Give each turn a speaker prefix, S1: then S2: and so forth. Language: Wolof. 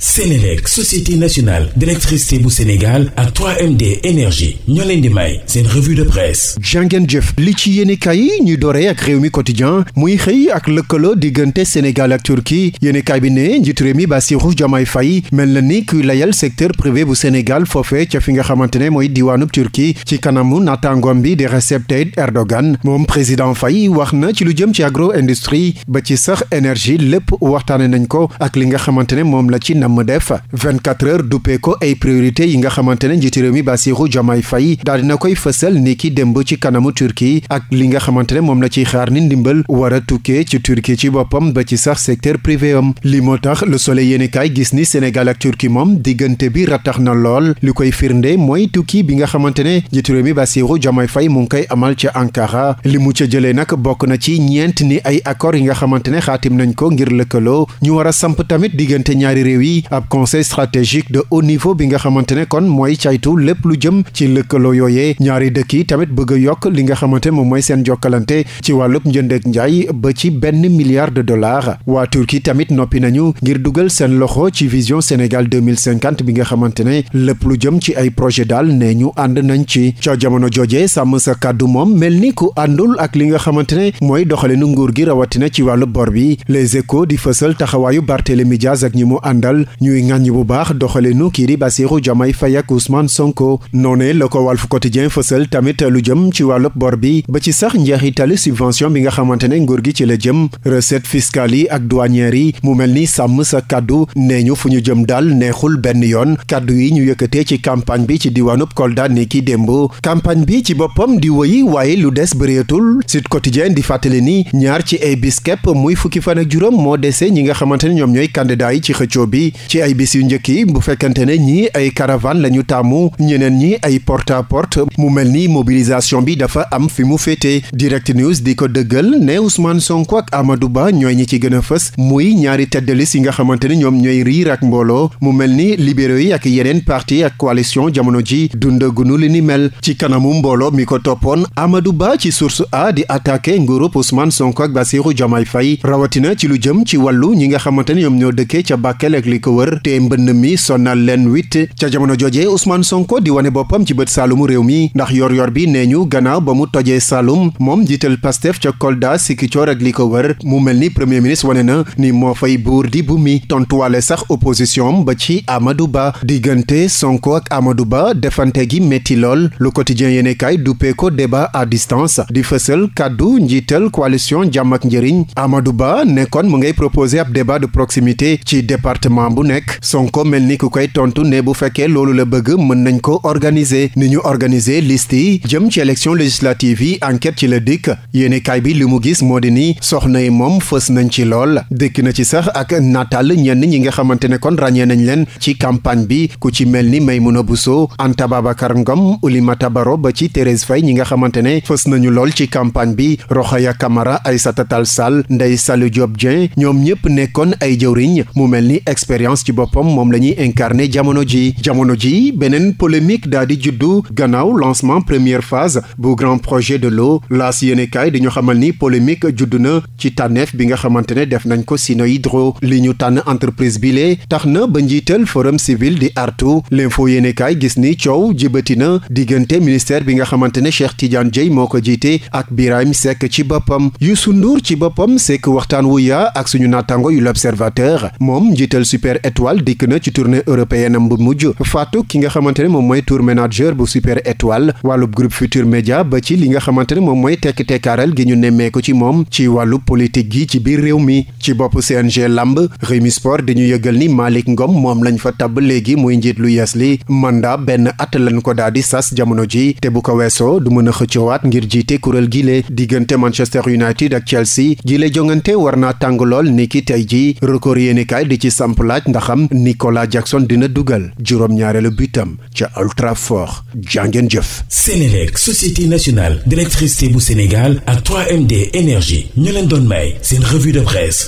S1: Sénélec société nationale d'électricité bu Sénégal ak 3MD énergie ñoo leen di may seen de presse jàngeen jëf li ci yéenekaay yi ñuy doree ak réew mi quotidien muy xëy ak lëkkaloo diggante Sénégal ak Turquie yéenekaay bi ne njiitu réew mi Bassirou Diomaye fay mel na ni kuy layal secteur privé bu Sénégal foofe ca fi nga xamante ne mooy diwaanub Turquie ci kanamu naataangoom bi di Recep Tayyip Erdogan moom président fay wax na ci lu jëm ci agro industrie ba ci sax énergie lépp waxtaane nañ ko ak li nga xamante ne moom la ci namm def 24 heures duppee ko ay priorité yi nga xamante ne njiitu réew mi Bassirou Diomaye fay daal dina koy fësal ni ki démb ci kanamu Turquie ak li nga xamante ne moom la ciy xaar ni ndimbal war tukkee ci Turquie ci boppam ba ci sax secteur privé am li moo tax Le Soleil yéenekaay gis ni Sénégal ak Turquie moom diggante bi ratax na lool li koy firnde mooy tukki bi nga xamante ne njiitu réew mi Bassirou Diomaye fay mu ngi koy amal ca Ankara li mu ca jëlee nag bokk na ci ñeent ni ay accord yi nga xamante ne xaatim nañ ko ngir lëkkaloo ñu war yi ci ab conseil stratégique de haut niveau bi nga xamante ne kon mooy caytu lépp lu jëm ci lëkkaloo yooyee ñaari dëkk yi tamit bëgg a yokk li nga xamante moom mooy seen jokkalante ci wàllub njënd ak njaay ba ci benn milliard de dollars waa Turquie tamit noppi nañu ngir dugal seen loxo ci vision Sénégal 2050 bi nga xamante ne lépp lu jëm ci ay projet daal ne ñu ànd nañ ci ca jamono jooje sàmm sa kàddu moom mel ni ku àndul ak li nga xamante ne mooy doxalinu nguur gi rawatina ci wàllu bor bi les échos di fësal taxawaayu Barthélémy Dias ak ñi mu àndal ñuy ŋàññi bu baax doxalinu kii di Bassirou Diomaye Faye ak Ousmane Sonko noonee la ko Walf Quotidien fësal tamit lu jëm ci wàllu bor bi ba ci sax njeexitalu subvention bi nga xamante ne nguur gi ci la jëm recette fiscale yi ak douanière yi mu mel ni sàmm sa kàddu nee ñu fu ñu jëm daal neexul benn yoon kàddu yi ñu yëkkatee ci campagne bi ci diwaanub Kolda ni ki démb campagne bi ci boppam di wëyi waaye lu des bëreetul Sud Quotidien di fàttali ni ñaar ci ay bis képp muy fukki fan ak juróom moo dese ñi nga xamante ne ñoom ñooy candidat yi ci xëccoo bi ci ay bis yu njëkk yi bu fekkante ne ñii ay caravane la ñu tàmmu ñeneen ñi ay porte à porte mu mel ni mobilisation bi dafa am fi mu féete direct news di ko dëggal ne Ousmane Sonko ak amadu Ba ñooy ñi ci gën a fës muy ñaari tête de liste yi nga xamante ne ñoom ñooy riir ak mbooloo mu mel ni libéraux yi ak yeneen parti ak coalition jamono ji nu li ni mel ci kanamu mbooloo mi ko toppoon amadu Ba ci source a di attaqué nguurub Ousmane Sonko ak Bassirou Diomaye Faye rawatina ci lu jëm ci wàllu ñi nga xamante ne ñoom ñoo dëkkee ca Bakel ko wër te mbënn mi sonal leen wit ca jamono jooje Ousmane Sonko di wane boppam ci bët saalumu réew mi ndax yor-yor bi nee ñu gannaaw ba mu tojee Saalum moom jiital Pastef ca Kolda Sikicoor ak li ko wër mu mel ni premier ministre wane na ni moo fay buur di bu mi tontuwaale sax opposition ba ci Amadou Ba diggante Sonko ak Amadou Ba defante gi métti lool lu quotidien yéene kaay duppee ko débat à distance di fësal kàddu njiital coalition jàmm ak njëriñ Amadou bu nekk Sonko mel ni ku koy tontu ne bu fekkee loolu la bëgg mën nañ ko organiser ni ñu organiser list yi jëm ci élection législative yi enquête ci la dikk yéene kaay bi li mu gis moo di ni soxna yi moom fës nañ ci lool dikk na ci sax ak nataal ñenn ñi nga xamante ne kon ràññee nañ leen ci campagne bi ku ci mel ni Maimouna Bousso Anta Babacar Ngom Oulimata Baro ba ci Thérèse Faye ñi nga xamante ne fës nañu lool ci campagne bi Rokhaya Camara Aïssata Tall Sall Ndeye Saliou Diop Dieng ñoom ay jëwriñ mu surveillance ci boppam moom la ñuy incarné jamono ji jamono ji beneen polémique daa di juddu gannaaw lancement première phase bu grand projet de l'eau laas yéenekaay di ñu xamal ni polémique juddu na ci tànneef bi nga xamante ne def nañ ko Sinohydro li ñu tànn entreprise bi lee tax na ba njiital forum civil di artu l'info yéenekaay gis ni coow jibati na diggante ministère bi nga xamante ne Cheikh Tidiane Dieye moo ko jiite ak Birahim sekk ci boppam Youssou Ndour ci boppam Seck waxtaan wu yaa ak suñu naataango yu l'observateur super étoile dikk na ci tournée européenne am bu mujj Fatou ki nga xamante ne moom mooy tour manager bu super étoile wàllub groupe Futur Média ba ci li nga xamante ne moom mooy tekk tekkaaral gi ñu nemmee ko ci moom ci wàllu politique gi ci biir réew mi ci bopp CNG lamb Rewmi Sport dañu yëgal ni Malick Ngom moom lañ fa tabb léegi muy njiit lu yees li mandat benn at lañ ko daal di sas jamono ji te bu ko weesoo du mën a xëccoowaat ngir jiite kuréel gile diggante Manchester United ak Chelsea gile jongante war naa tàng lool ni ki tey ji record yéenekaay di laaj ndaxam Nicolas Jackson dina dugal juróom-ñaareelu itam ca Old Trafford jàngeen jëf Sénélec société nationale d'électricité bu Sénégal ak 3MD énergie ñu leen doon may seen revue de presse